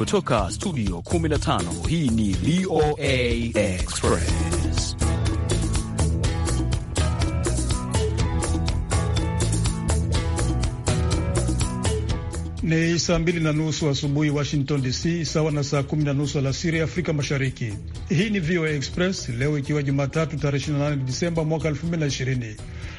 Kutoka studio 15 hii ni VOA Express. Ni saa mbili na nusu asubuhi wa Washington DC, sawa na saa kumi na nusu alasiri Afrika Mashariki. Hii ni VOA Express leo ikiwa Jumatatu tarehe 28 Disemba mwaka 2020.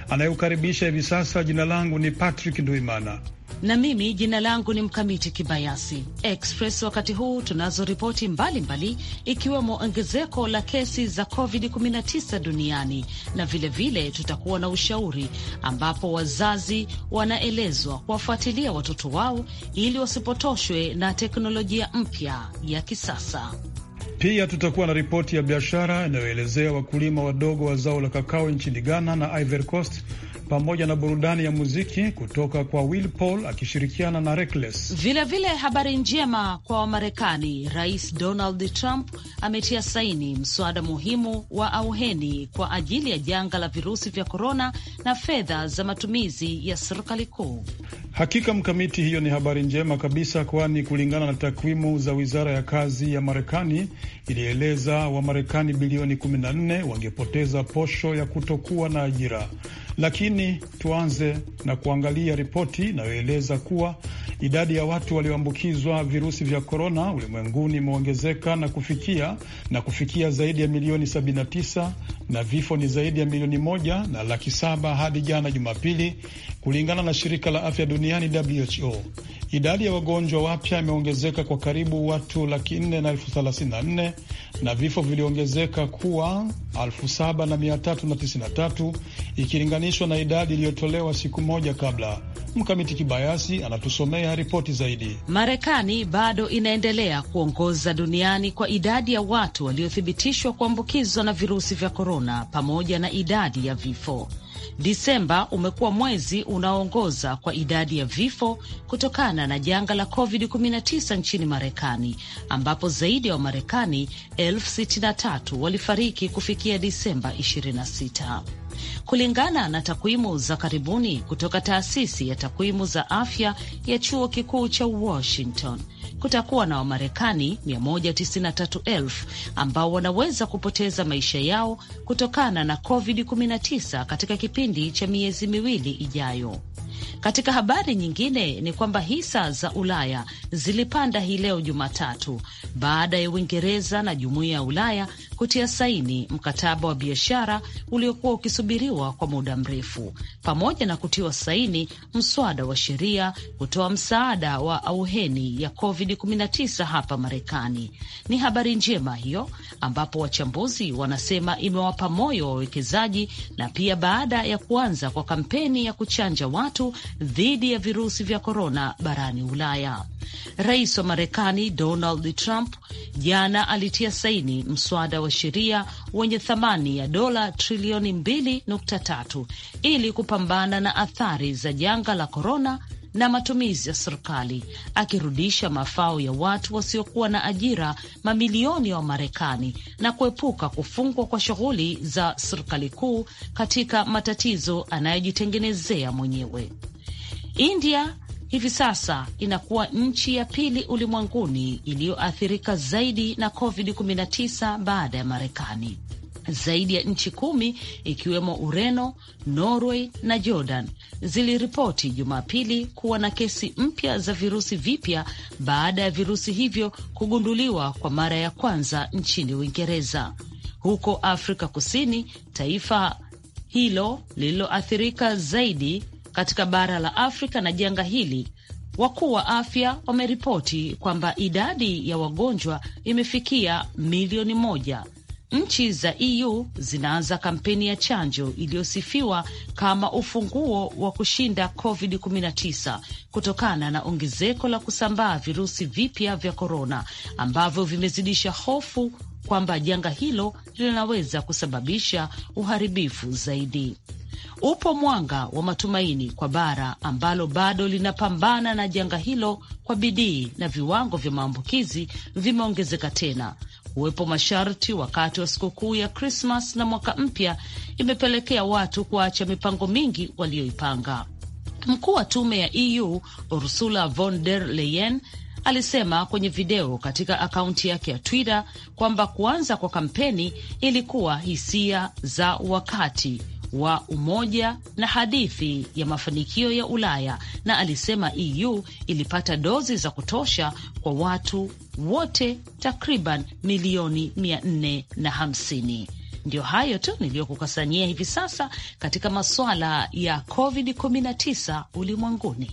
Anayeukaribisha hivi sasa, jina langu ni Patrick Nduimana na mimi jina langu ni Mkamiti Kibayasi Express. Wakati huu tunazo ripoti mbalimbali, ikiwemo ongezeko la kesi za COVID-19 duniani na vilevile vile tutakuwa na ushauri ambapo wazazi wanaelezwa kuwafuatilia watoto wao ili wasipotoshwe na teknolojia mpya ya kisasa. Pia tutakuwa na ripoti ya biashara inayoelezea wakulima wadogo wa zao la kakao nchini Ghana na Ivory Coast pamoja na burudani ya muziki kutoka kwa Will Paul akishirikiana na Reckless. Vilevile habari njema kwa Wamarekani, Rais Donald Trump ametia saini mswada muhimu wa auheni kwa ajili ya janga la virusi vya korona na fedha za matumizi ya serikali kuu. Hakika Mkamiti, hiyo ni habari njema kabisa, kwani kulingana na takwimu za wizara ya kazi ya Marekani ilieleza Wamarekani bilioni 14 wangepoteza posho ya kutokuwa na ajira. Lakini tuanze na kuangalia ripoti inayoeleza kuwa idadi ya watu walioambukizwa virusi vya korona ulimwenguni imeongezeka na kufikia na kufikia zaidi ya milioni 79 na vifo ni zaidi ya milioni moja na laki saba hadi jana Jumapili, kulingana na shirika la afya duniani WHO. Idadi ya wagonjwa wapya imeongezeka kwa karibu watu laki nne na elfu thelathini na nne na vifo viliongezeka kuwa elfu saba na mia tatu na tisini na tatu ikilinganishwa na idadi iliyotolewa siku moja kabla. Mkamiti Kibayasi anatusomea ripoti zaidi. Marekani bado inaendelea kuongoza duniani kwa idadi ya watu waliothibitishwa kuambukizwa na virusi vya korona pamoja na idadi ya vifo. Disemba umekuwa mwezi unaoongoza kwa idadi ya vifo kutokana na janga la COVID-19 nchini Marekani, ambapo zaidi ya wa Wamarekani elfu sitini na tatu walifariki kufikia Disemba 26 kulingana na takwimu za karibuni kutoka taasisi ya takwimu za afya ya chuo kikuu cha Washington kutakuwa na Wamarekani 193,000 ambao wanaweza kupoteza maisha yao kutokana na COVID-19 katika kipindi cha miezi miwili ijayo. Katika habari nyingine ni kwamba hisa za Ulaya zilipanda hii leo Jumatatu baada ya Uingereza na jumuiya ya Ulaya kutia saini mkataba wa biashara uliokuwa ukisubiriwa kwa muda mrefu, pamoja na kutiwa saini mswada wa sheria kutoa msaada wa auheni ya COVID-19 hapa Marekani. Ni habari njema hiyo, ambapo wachambuzi wanasema imewapa moyo wawekezaji na pia baada ya kuanza kwa kampeni ya kuchanja watu dhidi ya virusi vya korona barani Ulaya. Rais wa Marekani Donald Trump jana alitia saini mswada wa sheria wenye thamani ya dola trilioni 2.3 ili kupambana na athari za janga la korona na matumizi ya serikali akirudisha mafao ya watu wasiokuwa na ajira mamilioni ya wa Wamarekani na kuepuka kufungwa kwa shughuli za serikali kuu katika matatizo anayojitengenezea mwenyewe. India hivi sasa inakuwa nchi ya pili ulimwenguni iliyoathirika zaidi na COVID-19 baada ya Marekani. Zaidi ya nchi kumi ikiwemo Ureno, Norway na Jordan ziliripoti Jumapili kuwa na kesi mpya za virusi vipya baada ya virusi hivyo kugunduliwa kwa mara ya kwanza nchini Uingereza. Huko Afrika Kusini, taifa hilo lililoathirika zaidi katika bara la Afrika na janga hili, wakuu wa afya wameripoti kwamba idadi ya wagonjwa imefikia milioni moja. Nchi za EU zinaanza kampeni ya chanjo iliyosifiwa kama ufunguo wa kushinda COVID-19 kutokana na ongezeko la kusambaa virusi vipya vya korona ambavyo vimezidisha hofu kwamba janga hilo linaweza kusababisha uharibifu zaidi. Upo mwanga wa matumaini kwa bara ambalo bado linapambana na janga hilo kwa bidii na viwango vya maambukizi vimeongezeka tena. Kuwepo masharti wakati wa sikukuu ya Krismas na mwaka mpya imepelekea watu kuacha mipango mingi walioipanga. Mkuu wa tume ya EU Ursula von der Leyen alisema kwenye video katika akaunti yake ya Twitter kwamba kuanza kwa kampeni ilikuwa hisia za wakati wa umoja na hadithi ya mafanikio ya Ulaya, na alisema EU ilipata dozi za kutosha kwa watu wote takriban milioni 450. Ndio hayo tu niliyokukusanyia hivi sasa katika masuala ya COVID-19 ulimwenguni.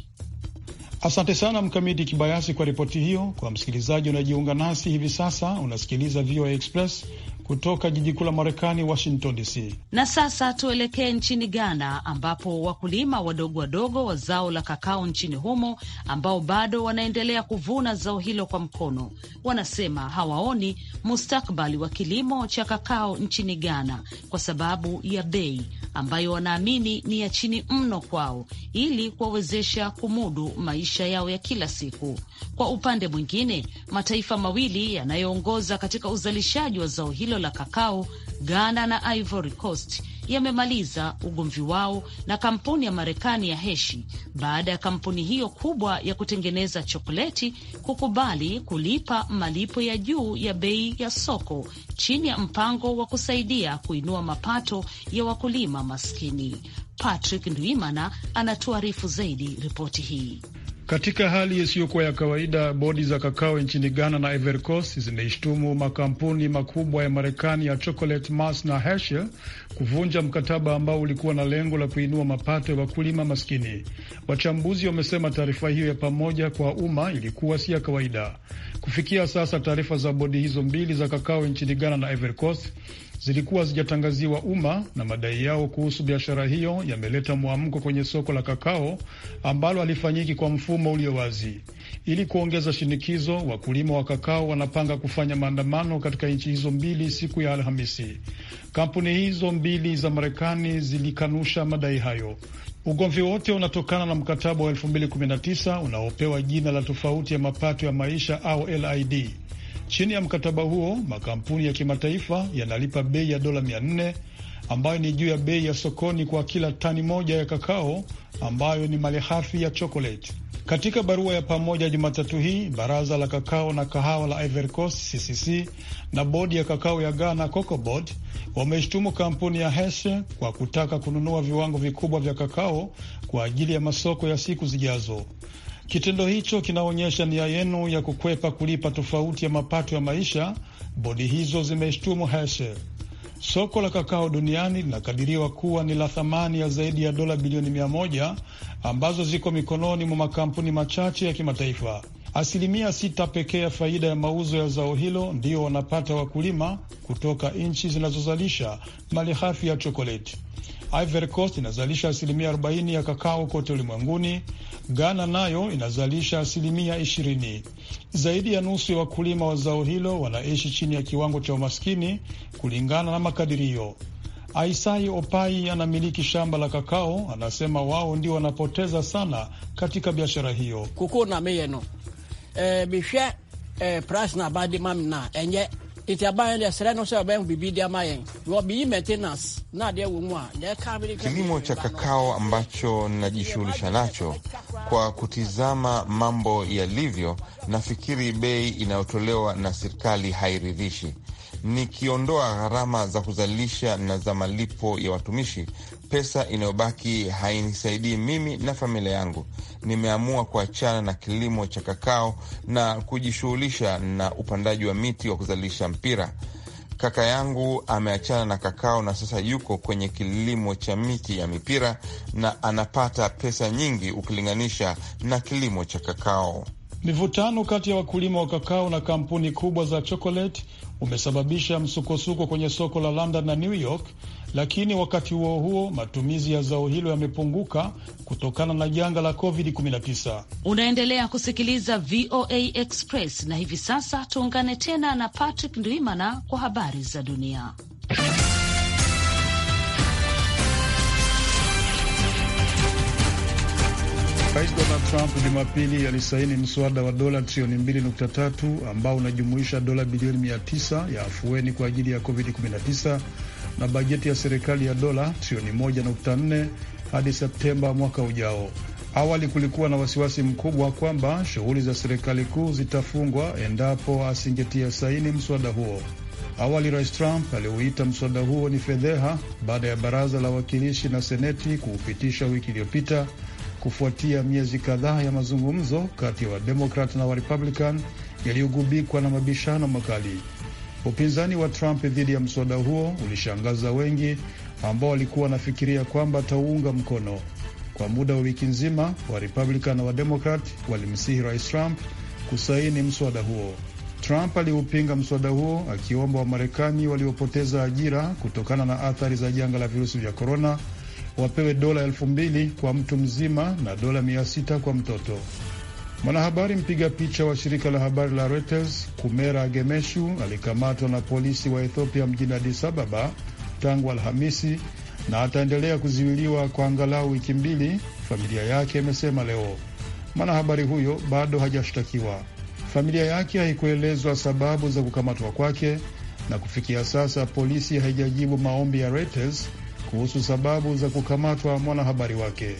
Asante sana Mkamiti Kibayasi kwa ripoti hiyo. Kwa msikilizaji unajiunga nasi hivi sasa, unasikiliza VOA Express kutoka jiji kuu la Marekani, Washington DC. Na sasa tuelekee nchini Ghana, ambapo wakulima wadogo wadogo wa zao la kakao nchini humo, ambao bado wanaendelea kuvuna zao hilo kwa mkono, wanasema hawaoni mustakbali wa kilimo cha kakao nchini Ghana kwa sababu ya bei ambayo wanaamini ni ya chini mno kwao, ili kuwawezesha kumudu maisha yao ya kila siku. Kwa upande mwingine, mataifa mawili yanayoongoza katika uzalishaji wa zao hilo la kakao, Ghana na Ivory Coast yamemaliza ugomvi wao na kampuni ya Marekani ya heshi baada ya kampuni hiyo kubwa ya kutengeneza chokoleti kukubali kulipa malipo ya juu ya bei ya soko chini ya mpango wa kusaidia kuinua mapato ya wakulima maskini. Patrick Ndwimana anatuarifu zaidi ripoti hii. Katika hali isiyokuwa ya kawaida, bodi za kakao nchini Ghana na Ivory Coast makampuni makubwa ya Marekani ya Chocolate Mars na Hershey kuvunja mkataba ambao ulikuwa na lengo la kuinua mapato ya wakulima maskini. Wachambuzi wamesema taarifa hiyo ya pamoja kwa umma ilikuwa si ya kawaida. Kufikia sasa, taarifa za bodi hizo mbili za kakao nchini Ghana na Ivory Coast zilikuwa hazijatangaziwa umma na madai yao kuhusu biashara hiyo yameleta mwamko kwenye soko la kakao ambalo halifanyiki kwa mfumo ulio wazi. Ili kuongeza shinikizo, wakulima wa kakao wanapanga kufanya maandamano katika nchi hizo mbili siku ya Alhamisi. Kampuni hizo mbili za Marekani zilikanusha madai hayo. Ugomvi wote unatokana na mkataba wa 2019 unaopewa jina la tofauti ya mapato ya maisha au LID. Chini ya mkataba huo, makampuni ya kimataifa yanalipa bei ya dola mia ambayo ni juu ya bei ya sokoni kwa kila tani moja ya kakao ambayo ni malighafi ya chokoleti. Katika barua ya pamoja Jumatatu hii, baraza la kakao na kahawa la Ivory Coast CCC na bodi ya kakao ya Ghana Cocobod wameshtumu kampuni ya heshe kwa kutaka kununua viwango vikubwa vya kakao kwa ajili ya masoko ya siku zijazo. Kitendo hicho kinaonyesha nia yenu ya kukwepa kulipa tofauti ya mapato ya maisha, bodi hizo zimeshtumu Heshe. Soko la kakao duniani linakadiriwa kuwa ni la thamani ya zaidi ya dola bilioni mia moja ambazo ziko mikononi mwa makampuni machache ya kimataifa. Asilimia sita pekee ya faida ya mauzo ya zao hilo ndiyo wanapata wakulima kutoka nchi zinazozalisha malighafi ya chokoleti. Ivory Coast inazalisha asilimia 40 ya kakao kote ulimwenguni. Ghana nayo inazalisha asilimia 20. Zaidi ya nusu ya wakulima wa zao hilo wanaishi chini ya kiwango cha umaskini kulingana na makadirio. Aisai Opai anamiliki shamba la kakao, anasema wao ndio wanapoteza sana katika biashara hiyo. kukuna meyeno e, bifye e, pras na enye Kilimo cha kakao ambacho najishughulisha nacho, kwa kutizama mambo yalivyo, nafikiri bei inayotolewa na serikali hairidhishi. Nikiondoa gharama za kuzalisha na za malipo ya watumishi, Pesa inayobaki hainisaidii mimi na familia yangu. Nimeamua kuachana na kilimo cha kakao na kujishughulisha na upandaji wa miti wa kuzalisha mpira. Kaka yangu ameachana na kakao na sasa yuko kwenye kilimo cha miti ya mipira na anapata pesa nyingi ukilinganisha na kilimo cha kakao. Mivutano kati ya wakulima wa kakao na kampuni kubwa za chokoleti umesababisha msukosuko kwenye soko la London na New York, lakini wakati huo huo matumizi ya zao hilo yamepunguka kutokana na janga la COVID-19. Unaendelea kusikiliza VOA Express na hivi sasa tuungane tena na Patrick Ndwimana kwa habari za dunia. Trump Jumapili alisaini mswada wa dola trilioni 2.3 ambao unajumuisha dola bilioni 900 ya afueni kwa ajili ya COVID-19 na bajeti ya serikali ya dola trilioni 1.4 hadi Septemba mwaka ujao. Awali kulikuwa na wasiwasi mkubwa kwamba shughuli za serikali kuu zitafungwa endapo asingetia saini mswada huo. Awali Rais Trump aliuita mswada huo ni fedheha baada ya baraza la wawakilishi na seneti kuupitisha wiki iliyopita kufuatia miezi kadhaa ya mazungumzo kati ya wa Wademokrat na Warepublican yaliyogubikwa na mabishano makali. Upinzani wa Trump dhidi ya mswada huo ulishangaza wengi ambao walikuwa wanafikiria kwamba atauunga mkono. Kwa muda wa wiki nzima, Warepublican na Wademokrat walimsihi Rais Trump kusaini mswada huo. Trump aliupinga mswada huo akiomba Wamarekani waliopoteza ajira kutokana na athari za janga la virusi vya korona wapewe dola elfu mbili kwa mtu mzima na dola mia sita kwa mtoto. Mwanahabari mpiga picha wa shirika la habari la Reuters Kumera Gemeshu alikamatwa na polisi wa Ethiopia mjini Addis Ababa tangu Alhamisi na ataendelea kuzuiliwa kwa angalau wiki mbili, familia yake imesema leo. Mwanahabari huyo bado hajashtakiwa. Familia yake haikuelezwa sababu za kukamatwa kwake, na kufikia sasa polisi haijajibu maombi ya Reuters kuhusu sababu za kukamatwa mwanahabari wake.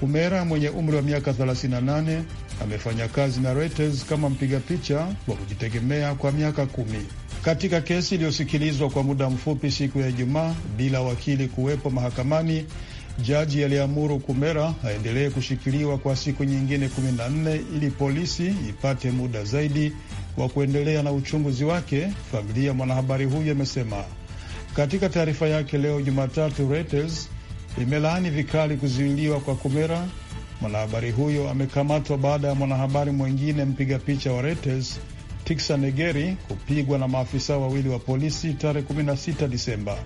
Kumera mwenye umri wa miaka 38 amefanya kazi na Reuters kama mpiga picha wa kujitegemea kwa miaka kumi. Katika kesi iliyosikilizwa kwa muda mfupi siku ya Ijumaa bila wakili kuwepo mahakamani, jaji aliamuru Kumera aendelee kushikiliwa kwa siku nyingine 14 ili polisi ipate muda zaidi wa kuendelea na uchunguzi wake, familia mwanahabari huyo amesema. Katika taarifa yake leo Jumatatu, Reuters imelaani vikali kuzuiliwa kwa Kumera. Mwanahabari huyo amekamatwa baada ya mwanahabari mwengine mpiga picha wa Reuters Tiksa Negeri kupigwa na maafisa wawili wa polisi tarehe 16 Disemba.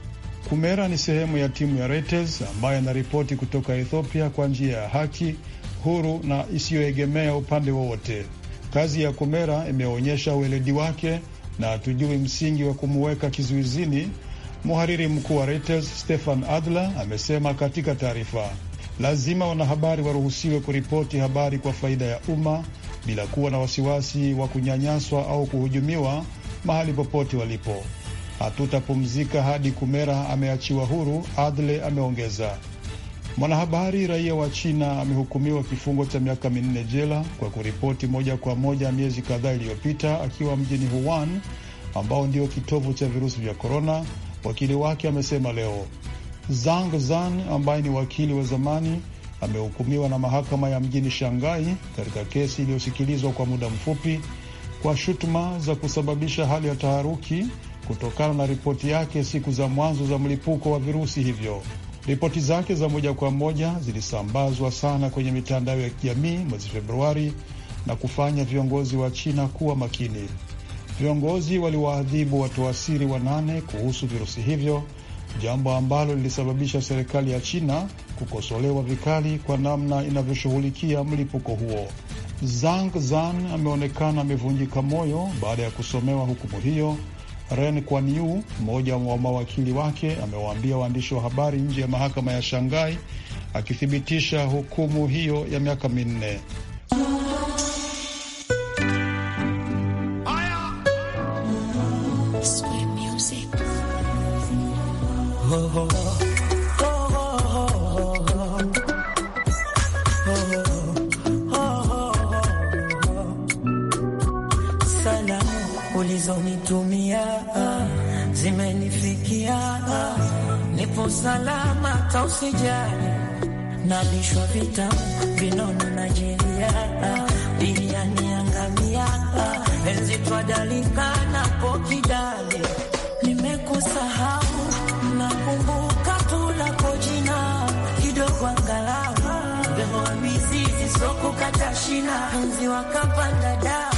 Kumera ni sehemu ya timu ya Reuters ambayo inaripoti kutoka Ethiopia kwa njia ya haki, huru na isiyoegemea upande wowote. Kazi ya Kumera imeonyesha ueledi wake na hatujui msingi wa kumuweka kizuizini, Mhariri mkuu wa Reuters Stefan Adler amesema katika taarifa, lazima wanahabari waruhusiwe kuripoti habari kwa faida ya umma bila kuwa na wasiwasi wa kunyanyaswa au kuhujumiwa mahali popote walipo. Hatutapumzika hadi Kumera ameachiwa huru, Adle ameongeza. Mwanahabari raia wa China amehukumiwa kifungo cha miaka minne jela kwa kuripoti moja kwa moja miezi kadhaa iliyopita akiwa mjini Wuhan ambao ndio kitovu cha virusi vya korona wakili wake amesema leo. Zhang Zan ambaye ni wakili wa zamani amehukumiwa na mahakama ya mjini Shanghai katika kesi iliyosikilizwa kwa muda mfupi kwa shutuma za kusababisha hali ya taharuki kutokana na ripoti yake siku za mwanzo za mlipuko wa virusi hivyo. Ripoti zake za moja kwa moja zilisambazwa sana kwenye mitandao ya kijamii mwezi Februari na kufanya viongozi wa China kuwa makini. Viongozi waliwaadhibu watu asiri wanane kuhusu virusi hivyo, jambo ambalo lilisababisha serikali ya China kukosolewa vikali kwa namna inavyoshughulikia mlipuko huo. Zhang Zan ameonekana amevunjika moyo baada ya kusomewa hukumu hiyo. Ren Kwanyu, mmoja wa mawakili wake, amewaambia waandishi wa habari nje ya mahakama ya Shanghai akithibitisha hukumu hiyo ya miaka minne. sijali, nalishwa vita vinono na jeriana, niangamia enzi twadalika na pokidali nimekusahau nakumbuka tula jina kidogo angalau, behoa mizizi sokukata shina, enzi wakapanda dawa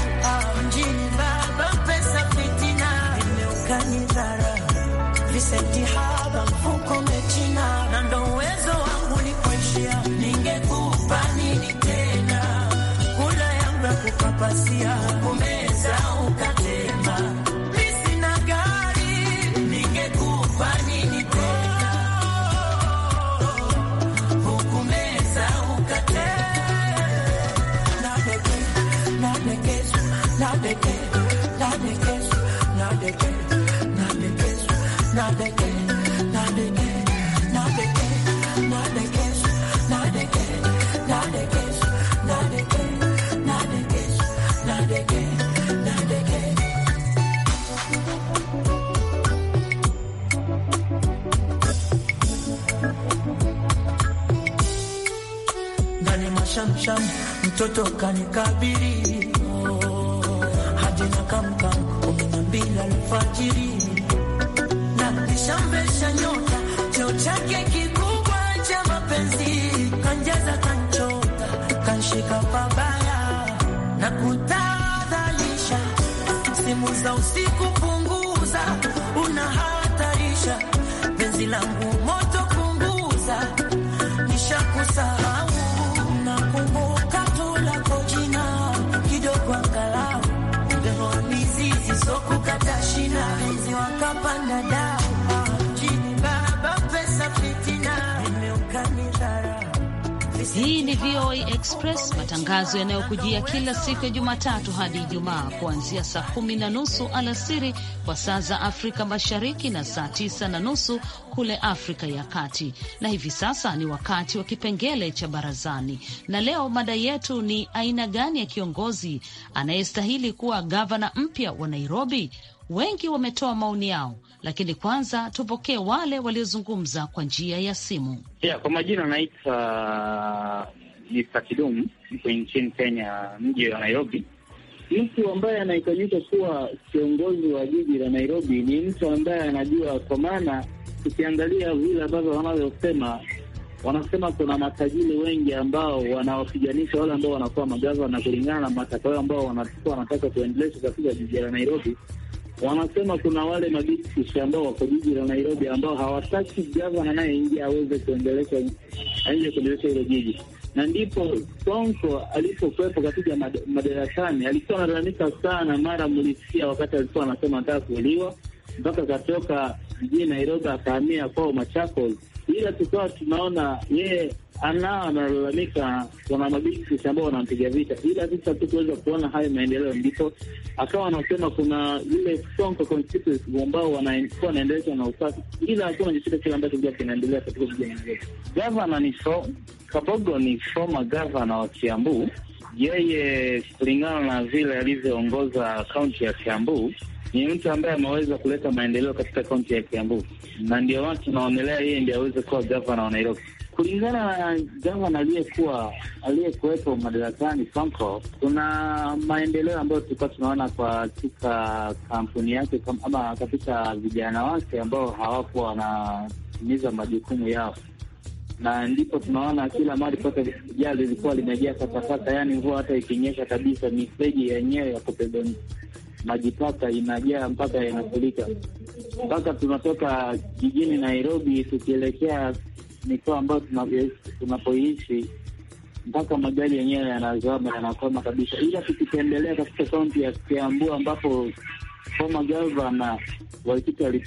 pasia kumeza ukatema, mimi sina gari, ningekufa nini tena? Hukumeza ukatema mtoto kanikabiri Hii ni VOA Express, matangazo yanayokujia kila siku ya Jumatatu hadi Ijumaa, kuanzia saa kumi na nusu alasiri kwa saa za Afrika Mashariki na saa tisa na nusu kule Afrika ya Kati. Na hivi sasa ni wakati wa kipengele cha Barazani, na leo mada yetu ni aina gani ya kiongozi anayestahili kuwa gavana mpya wa Nairobi? Wengi wametoa maoni yao lakini kwanza tupokee wale waliozungumza kwa njia ya simu. Yeah, kwa majina anaitwa uh, Mr. Kidumu, niko nchini Kenya, mji wa Nairobi. Mtu ambaye anahitajika kuwa kiongozi wa jiji la Nairobi ni mtu ambaye anajua, kwa maana ukiangalia vile ambavyo wanavyosema wanasema kuna matajiri wengi ambao wanawapiganisha wale ambao wanakuwa magavana, kulingana na matakwa ambao wanakuwa wanataka kuendelesha katika jiji la Nairobi wanasema kuna wale mabisi ambao wako jiji la Nairobi ambao hawataki gavana anayeingia aweze kuendeleza aende kuendeleza hilo jiji, na ndipo Sonko alipokuwepo katika madarakani alikuwa analalamika sana, mara mlisikia wakati alikuwa anasema anataka kuuliwa, mpaka akatoka jijini Nairobi akahamia kwao Machakos, ila tukawa tunaona yeye ana analalamika kuna mabisi ambao wanampiga vita, ila visa tukuweza kuona hayo maendeleo, ndipo akawa anasema kuna ile Sonko constituency ambao wanakuwa wanaendelezwa na usafi, ila hakuna chochote kile ambacho a kinaendelea katika vijana vyetu. Gavana ni so, Kabogo ni former gavana wa Kiambu. Yeye kulingana na vile alivyoongoza kaunti ya Kiambu ni mtu ambaye ameweza kuleta maendeleo katika kaunti ya Kiambu, na ndio watu naonelea yeye ndio aweze kuwa gavana wa Nairobi kulingana na Gavana aliyekuwa aliyekuwepo madarakani Sonko, kuna maendeleo ambayo tulikuwa tunaona katika kampuni yake ama katika vijana wake ambao hawapo wanatimiza majukumu yao, na ndipo tunaona kila mali paka jaa lilikuwa limejaa takataka, yaani mvua hata ikinyesha kabisa, mifereji yenyewe ya kubeba maji taka inajaa mpaka yanafurika, mpaka tunatoka jijini Nairobi tukielekea mikoa ambayo tunapoishi mpaka magari yenyewe yanazama yanakoma kabisa, ila tukitembelea katika kaunti ya Kiambu ambapo kama gavana Waititi eh,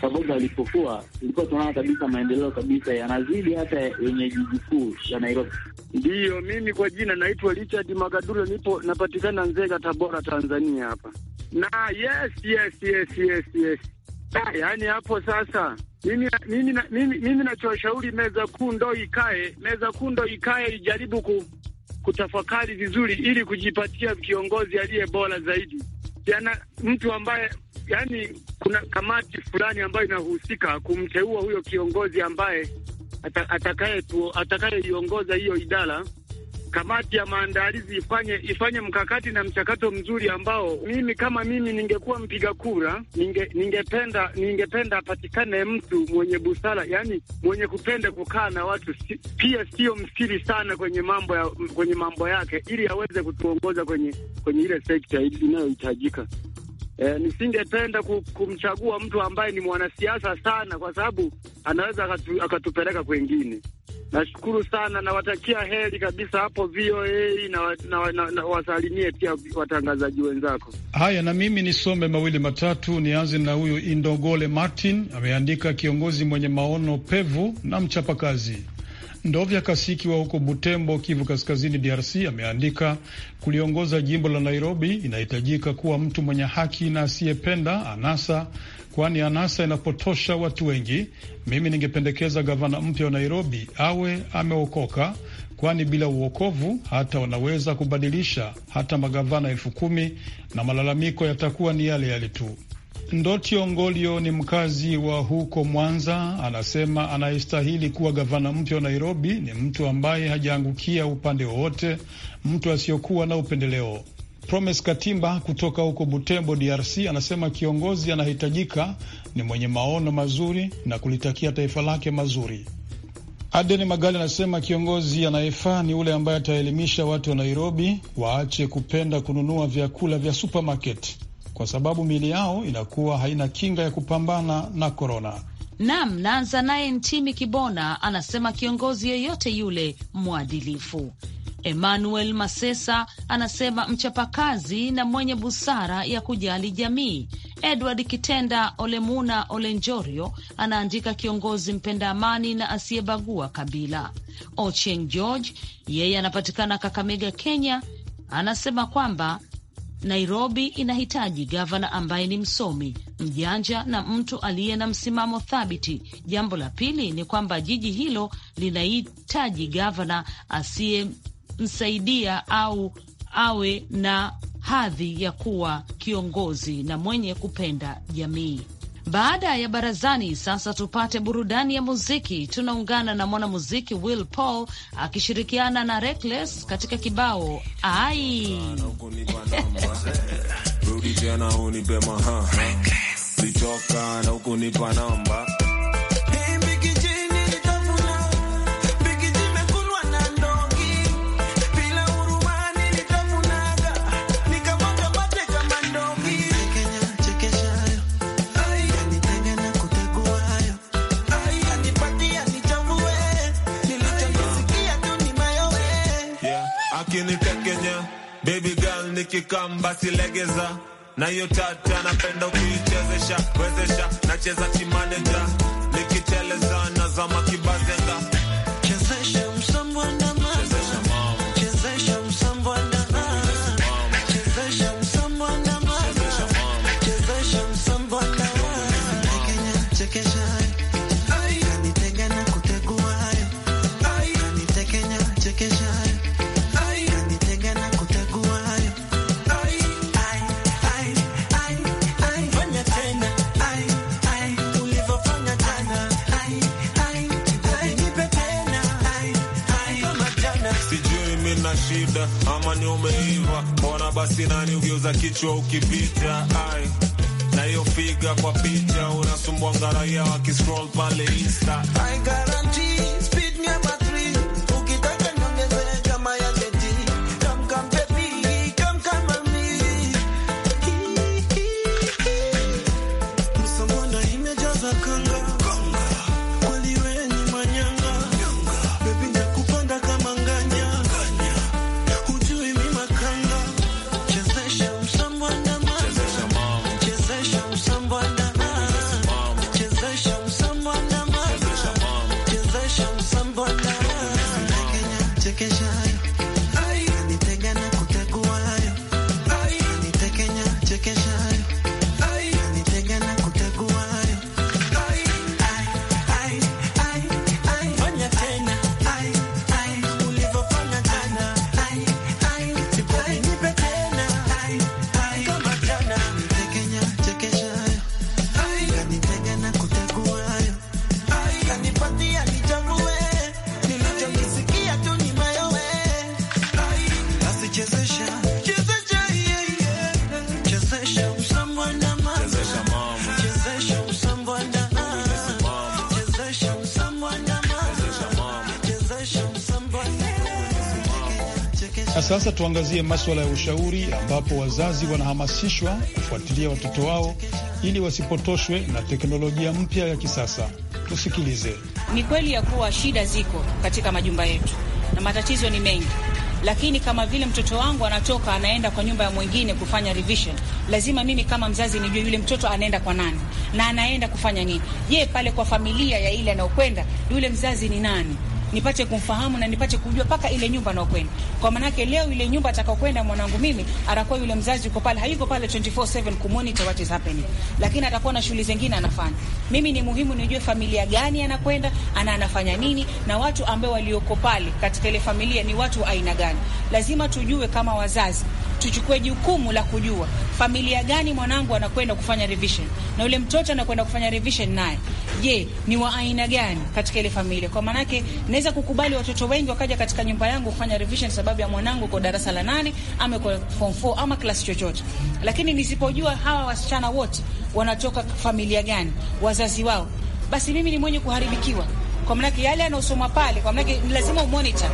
Kaboga alipokuwa, ilikuwa tunaona kabisa maendeleo kabisa yanazidi hata yenye jiji kuu ya Nairobi. Ndiyo, mimi kwa jina naitwa Richard magaduro nipo napatikana Nzega, Tabora, Tanzania hapa na yes, yes, yes, yes, yes. Ah, yaani hapo sasa mimi mimi mimi, mimi nachoshauri meza kuu ndo ikae, meza kuu ndo ikae ijaribu ku, kutafakari vizuri ili kujipatia kiongozi aliye bora zaidi, yana mtu ambaye yani, kuna kamati fulani ambayo inahusika kumteua huyo kiongozi ambaye atakayeiongoza hiyo idara kamati ya maandalizi ifanye ifanye mkakati na mchakato mzuri ambao mimi kama mimi ningekuwa mpiga kura ninge, ningependa ningependa apatikane mtu mwenye busara, yani mwenye kupenda kukaa na watu si, pia sio msiri sana kwenye mambo ya, kwenye mambo yake ili aweze kutuongoza kwenye kwenye ile sekta inayohitajika. E, nisingependa kumchagua mtu ambaye ni mwanasiasa sana, kwa sababu anaweza akatu, akatupeleka kwengine. Nashukuru sana, nawatakia heri kabisa hapo VOA na, na, na, na wasalimie pia watangazaji wenzako. Haya, na mimi nisome mawili matatu. Nianze na huyu Indogole Martin, ameandika kiongozi mwenye maono pevu na mchapakazi Ndovya Kasiki wa huko Butembo, Kivu Kaskazini, DRC, ameandika kuliongoza jimbo la Nairobi inahitajika kuwa mtu mwenye haki na asiyependa anasa, kwani anasa inapotosha watu wengi. Mimi ningependekeza gavana mpya wa Nairobi awe ameokoka, kwani bila uokovu hata wanaweza kubadilisha hata magavana elfu kumi na malalamiko yatakuwa ni yale yale tu. Ndotio Ngolio ni mkazi wa huko Mwanza, anasema anayestahili kuwa gavana mpya wa Nairobi ni mtu ambaye hajaangukia upande wowote, mtu asiyokuwa na upendeleo. Promes Katimba kutoka huko Butembo, DRC, anasema kiongozi anahitajika ni mwenye maono mazuri na kulitakia taifa lake mazuri. Aden Magali anasema kiongozi anayefaa ni ule ambaye ataelimisha watu wa Nairobi waache kupenda kununua vyakula vya supermarket kwa sababu miili yao inakuwa haina kinga ya kupambana na korona. Nam, naanza naye Ntimi Kibona anasema kiongozi yeyote yule mwadilifu. Emmanuel Masesa anasema mchapakazi na mwenye busara ya kujali jamii. Edward Kitenda Olemuna Olenjorio anaandika kiongozi mpenda amani na asiyebagua kabila. ochen George yeye anapatikana Kakamega, Kenya, anasema kwamba Nairobi inahitaji gavana ambaye ni msomi, mjanja na mtu aliye na msimamo thabiti. Jambo la pili ni kwamba jiji hilo linahitaji gavana asiyemsaidia au awe na hadhi ya kuwa kiongozi na mwenye kupenda jamii. Baada ya barazani, sasa tupate burudani ya muziki. Tunaungana na mwanamuziki Will Paul akishirikiana na Reckless katika kibao ai tena unipe maha lichoka na ukunipa namba akinitekenya nikikamba silegeza na hiyo tata napenda kuichezesha wezesha, nacheza kimaneja nikiteleza na zama kibazenga jamani, umeiva mbona basi nani ugeuza kichwa ukipita ai na hiyo figa kwa picha unasumbua ngaraia wakiscroll pale Insta. I guarantee tuangazie maswala ya ushauri ambapo wazazi wanahamasishwa kufuatilia watoto wao ili wasipotoshwe na teknolojia mpya ya kisasa. Tusikilize. Ni kweli ya kuwa shida ziko katika majumba yetu na matatizo ni mengi, lakini kama vile mtoto wangu anatoka anaenda kwa nyumba ya mwingine kufanya revision, lazima mimi kama mzazi nijue yule mtoto anaenda kwa nani na anaenda kufanya nini. Je, pale kwa familia ya ile anayokwenda yule mzazi ni nani? nipate kumfahamu na nipate kujua paka ile nyumba anayokwenda. Kwa maana yake leo ile nyumba atakayokwenda mwanangu mimi atakuwa yule mzazi yuko pale, hayuko pale 24/7 kumonitor what is happening, lakini atakuwa na shughuli zingine anafanya. Mimi ni muhimu nijue familia gani anakwenda, ana anafanya nini, na watu ambao walioko pale katika ile familia ni watu aina gani. Lazima tujue kama wazazi tuchukue jukumu la kujua familia gani mwanangu anakwenda kufanya revision na yule mtoto anakwenda kufanya revision naye, je, ni wa aina gani katika ile familia? Kwa maana yake naweza kukubali watoto wengi wakaja katika nyumba yangu kufanya revision sababu ya mwanangu kwa darasa la nane ama kwa form 4 ama klasi chochote, lakini nisipojua hawa wasichana wote wanatoka familia gani, wazazi wao, basi mimi ni mwenye kuharibikiwa, kwa maana yale yanayosoma pale, kwa maana yake lazima umonitor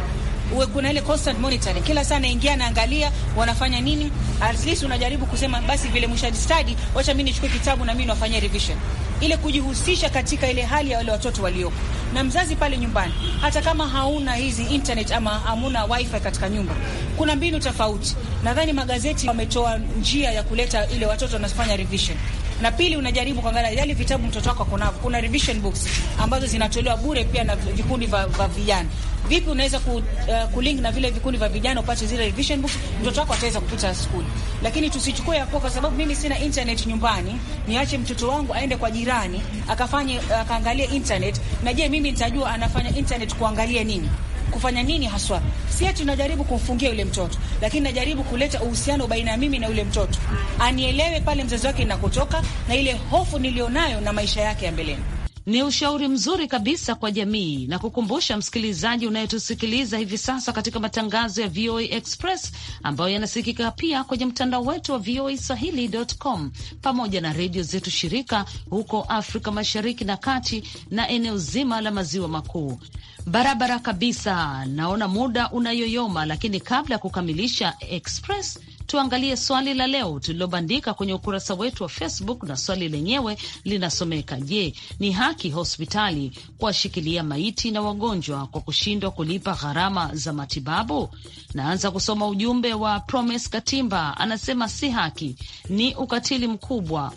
uwe kuna ile constant monitoring, kila saa naingia naangalia wanafanya nini, at least unajaribu kusema basi vile mwisha study, wacha mimi nichukue kitabu na mimi nafanya revision, ile kujihusisha katika ile hali ya wale watoto walioko na mzazi pale nyumbani, hata kama hauna hizi internet ama hamuna wifi katika nyumba, kuna mbinu tofauti. Nadhani magazeti wametoa njia ya kuleta ile watoto wanafanya revision na pili, unajaribu kuangalia yale vitabu mtoto wako akonavyo. Kuna revision books ambazo zinatolewa bure pia na vikundi vya vijana vipi unaweza ku, uh, kulink na vile vikundi vya vijana upate zile revision book, mtoto wako ataweza kupita school. Lakini tusichukue hapo, kwa sababu mimi sina internet nyumbani, niache mtoto wangu aende kwa jirani akafanye akaangalie internet, na je, mimi nitajua anafanya internet kuangalia nini kufanya nini haswa? Si ati najaribu kumfungia yule mtoto, lakini najaribu kuleta uhusiano baina ya mimi na yule mtoto, anielewe pale mzazi wake inakotoka na ile hofu nilionayo na maisha yake ya mbeleni. Ni ushauri mzuri kabisa kwa jamii na kukumbusha msikilizaji unayetusikiliza hivi sasa katika matangazo ya VOA Express ambayo yanasikika pia kwenye mtandao wetu wa VOA Swahili.com pamoja na redio zetu shirika huko Afrika Mashariki na Kati na eneo zima la Maziwa Makuu. Barabara kabisa, naona muda unayoyoma, lakini kabla ya kukamilisha Express tuangalie swali la leo tulilobandika kwenye ukurasa wetu wa Facebook, na swali lenyewe linasomeka: Je, ni haki hospitali kuwashikilia maiti na wagonjwa kwa kushindwa kulipa gharama za matibabu? Naanza kusoma ujumbe wa Promise Katimba, anasema si haki, ni ukatili mkubwa.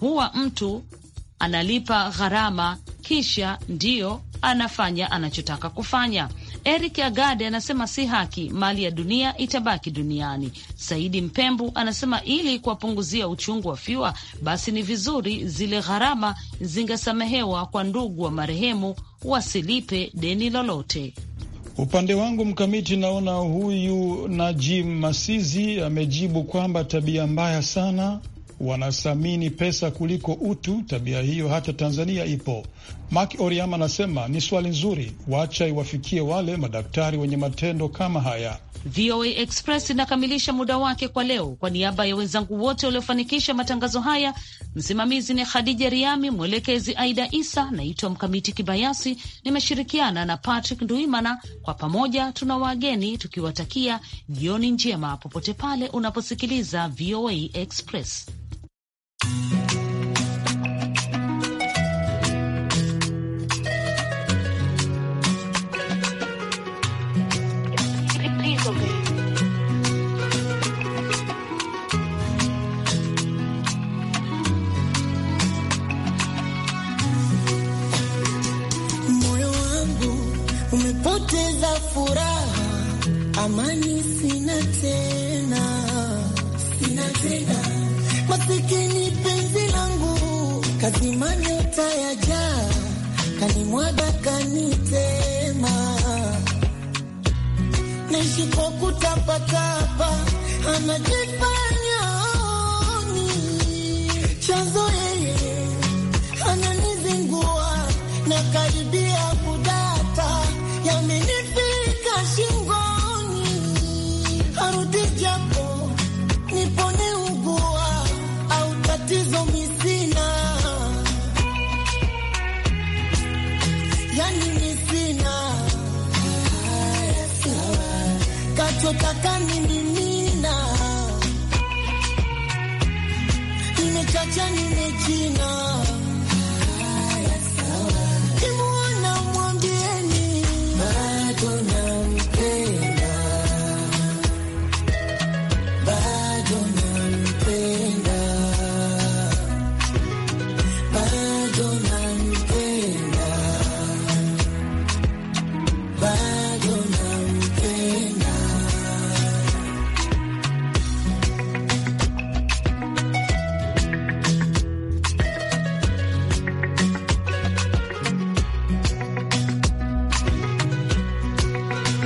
Huwa mtu analipa gharama kisha ndiyo anafanya anachotaka kufanya. Eric Agade anasema si haki, mali ya dunia itabaki duniani. Saidi Mpembu anasema ili kuwapunguzia uchungu wa fiwa, basi ni vizuri zile gharama zingesamehewa kwa ndugu wa marehemu, wasilipe deni lolote. Upande wangu mkamiti, naona huyu Najim Masizi amejibu kwamba tabia mbaya sana wanathamini pesa kuliko utu. Tabia hiyo hata Tanzania ipo. Mark Oriam anasema ni swali nzuri, wacha iwafikie wale madaktari wenye matendo kama haya. VOA Express inakamilisha muda wake kwa leo. Kwa niaba ya wenzangu wote waliofanikisha matangazo haya, msimamizi ni Khadija Riami, mwelekezi Aida Isa. Naitwa Mkamiti Kibayasi, nimeshirikiana na Patrick Nduimana. Kwa pamoja tuna wageni tukiwatakia jioni njema popote pale unaposikiliza VOA Express. Thank you. nataka nimechacha nini?